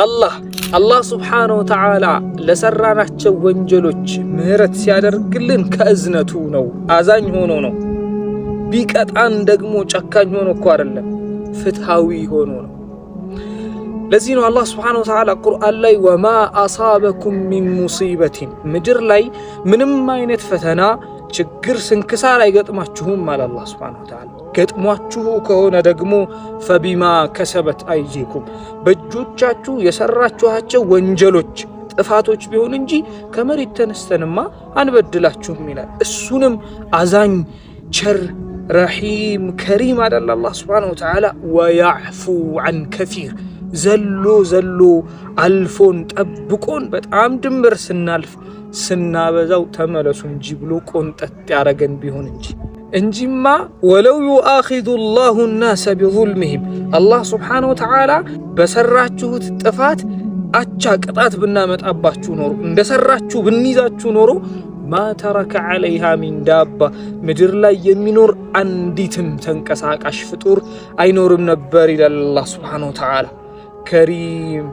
አላህ አላህ ስብሓነሁ ወተዓላ ለሰራናቸው ወንጀሎች ምህረት ሲያደርግልን ከእዝነቱ ነው። አዛኝ ሆኖ ነው። ቢቀጣን ደግሞ ጨካኝ ሆኖ እኮ አይደለም፣ ፍትሃዊ ሆኖ ነው። ለዚህ ነው አላህ ስብሓነሁ ወተዓላ ቁርአን ላይ ወማ አሳበኩም ሚን ሙሲበቲን ምድር ላይ ምንም አይነት ፈተና፣ ችግር፣ ስንክሳር አይገጥማችሁም አለ አላህ ስብሓነሁ ወተዓላ ገጥሟችሁ ከሆነ ደግሞ ፈቢማ ከሰበት አይዜኩም በእጆቻችሁ የሰራችኋቸው ወንጀሎች ጥፋቶች ቢሆን እንጂ ከመሬት ተነስተንማ አንበድላችሁም ይላል። እሱንም አዛኝ ቸር ረሂም ከሪም አዳል አላህ ስብሓነሁ ወተዓላ ወያዕፉ አን ከፊር ዘሎ ዘሎ አልፎን ጠብቆን በጣም ድምር ስናልፍ ስናበዛው ተመለሱ እንጂ ብሎ ቆንጠጥ ያረገን ቢሆን እንጂ እንጂማ ወለው ዩአኺዙ ላሁ ናሰ ቢዙልምህም አላህ ስብሓነ ወተዓላ በሰራችሁት ጥፋት አቻ ቅጣት ብናመጣባችሁ ኖሮ እንደሰራችሁ ብንይዛችሁ ኖሮ ማተረከ ዓለይሃ ሚን ዳባ ምድር ላይ የሚኖር አንዲትም ተንቀሳቃሽ ፍጡር አይኖርም ነበር ይላል አላህ ስብሓነ ወተዓላ። ከሪም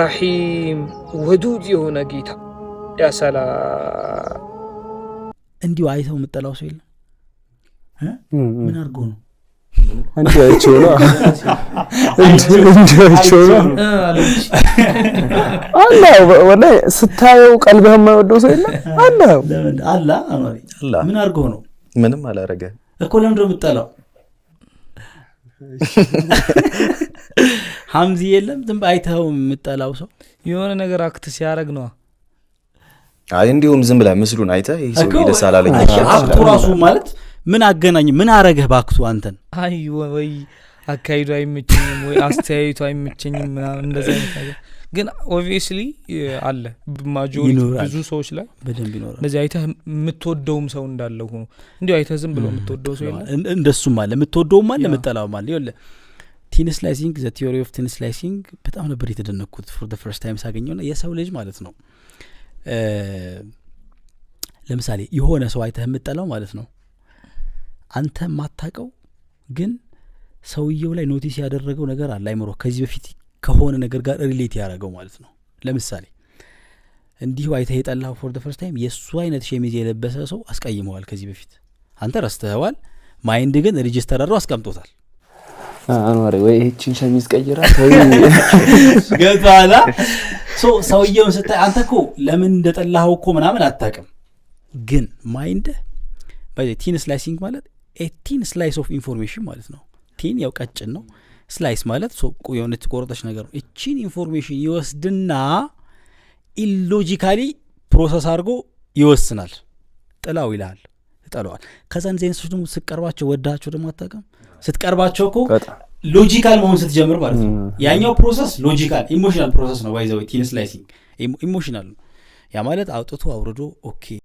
ረሒም ወዱድ የሆነ ጌታ ያሰላ እንዲሁ አይተው የምጠላው ሰው የለም። ምን አድርጎ ነው እንዲያቸው ስታየው ቀልብህ የማይወደው ሰው የለ አላ አላ ምን አድርጎ ነው ምንም አላረገ እኮ ለምንድን ነው የምጠላው ሀምዚ የለም ዝም አይተው የምጠላው ሰው የሆነ ነገር አክት ሲያደርግ ነዋ አይ እንዲሁም ዝም ብላ ምስሉን አይተ ይሰው ደስ አላለኝ አክቱ ራሱ ማለት ምን አገናኝ? ምን አረገህ ባክቱ አንተን? አይ ወይ አካሂዱ አይመቸኝም፣ ወይ አስተያየቱ አይመቸኝም ምናምን እንደዚ አይነት ነገር ግን ኦብቪየስሊ አለ ማጆሪቲ ብዙ ሰዎች ላይ በደንብ ይኖራል። እንደዚህ አይተህ የምትወደውም ሰው እንዳለው ሆኖ እንዲሁ አይተህ ዝም ብሎ የምትወደው ሰው የለ። እንደሱም አለ የምትወደውም አለ የምጠላውም አለ። ይኸውልህ ቲን ላይሲንግ ዘ ቲዮሪ ኦፍ ቲን ላይሲንግ በጣም ነበር የተደነኩት ፎር ደ ፈርስት ታይም ሳገኘው ና የሰው ልጅ ማለት ነው ለምሳሌ የሆነ ሰው አይተህ የምጠላው ማለት ነው አንተ የማታቀው ግን ሰውየው ላይ ኖቲስ ያደረገው ነገር አለ አይምሮ ከዚህ በፊት ከሆነ ነገር ጋር ሪሌት ያደረገው ማለት ነው ለምሳሌ እንዲሁ አይተ የጠላ ፎር ፈርስት ታይም የእሱ አይነት ሸሚዝ የለበሰ ሰው አስቀይመዋል ከዚህ በፊት አንተ ረስተኸዋል ማይንድ ግን ሬጅስተር አድሮ አስቀምጦታል አኗሪ ወይ ይህችን ሸሚዝ ቀይራ ገባላ ሰውየውን ስታይ አንተ ኮ ለምን እንደጠላኸው እኮ ምናምን አታቅም ግን ማይንድ ቲን ስላይሲንግ ማለት ኤቲን ስላይስ ኦፍ ኢንፎርሜሽን ማለት ነው ቲን ያው ቀጭን ነው ስላይስ ማለት ሶቁ የሆነች ቆረጠች ነገር ነው እቺን ኢንፎርሜሽን ይወስድና ኢሎጂካሊ ፕሮሰስ አድርጎ ይወስናል ጥላው ይልሃል ትጠለዋል ከዛ እንደዚህ አይነቶች ደግሞ ስትቀርባቸው ወዳቸው ደግሞ አታቀም ስትቀርባቸው እኮ ሎጂካል መሆን ስትጀምር ማለት ነው ያኛው ፕሮሰስ ሎጂካል ኢሞሽናል ፕሮሰስ ነው ባይዘወይ ቲን ስላይሲንግ ኢሞሽናል ነው ያ ማለት አውጥቶ አውርዶ ኦኬ